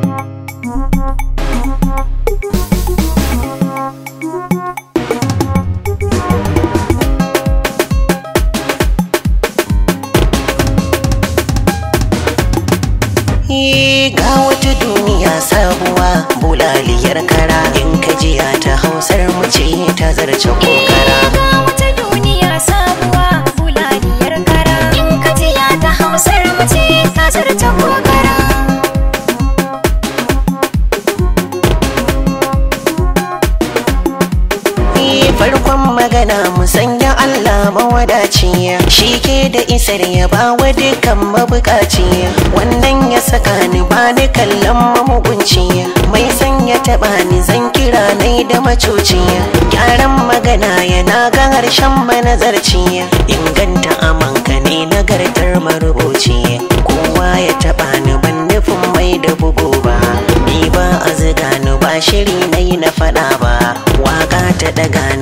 ga wata duniya sabuwa bulaliyar kara in kajiya ta hausar mace ta zarce koka magana mu ya Allah mawadaci Shike shike da isar ya ba wa dukan mabukaci wannan ya saka ni ba ni kallon mamugunci mai ya taba ni zan kira nai da macoci gyaran magana yana ga harshen manazarciya. inganta amanka ne nagartar marubuci kowa ya taba ni ban nufin mai da bugo ba ni ba a zuga ni ba shiri na na faɗa ba waka ta daga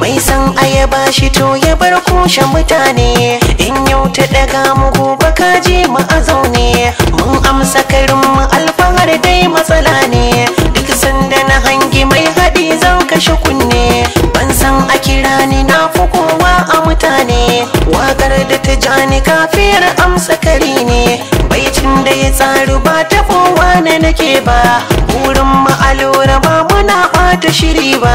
mai san ayaba shi to ya bar kushe mutane in yau ta daga mu gobe kaji mu a zaune mun amsa karin mu alfahar dai matsala ne duk sanda na hangi mai haɗi zan kashe kunne ban san a kira ni na fi kowa a mutane wakar da ta ja ni kafiyar amsa kari ne baicin da ya tsaru ba ta kowa na nake ba wurin lura ba muna ɓata shiri ba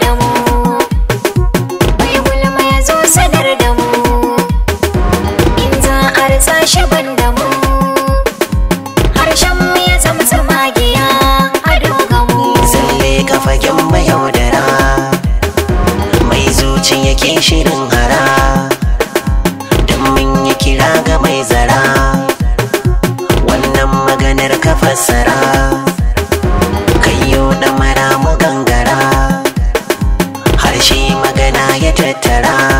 motsa ban damu harshen mu ya zama tsamagiya a doga mu zalle ka fagen mai zuci yake shirin hara don mun yi kira ga mai zara wannan maganar ka fassara kayo da gangara harshe magana ya tattara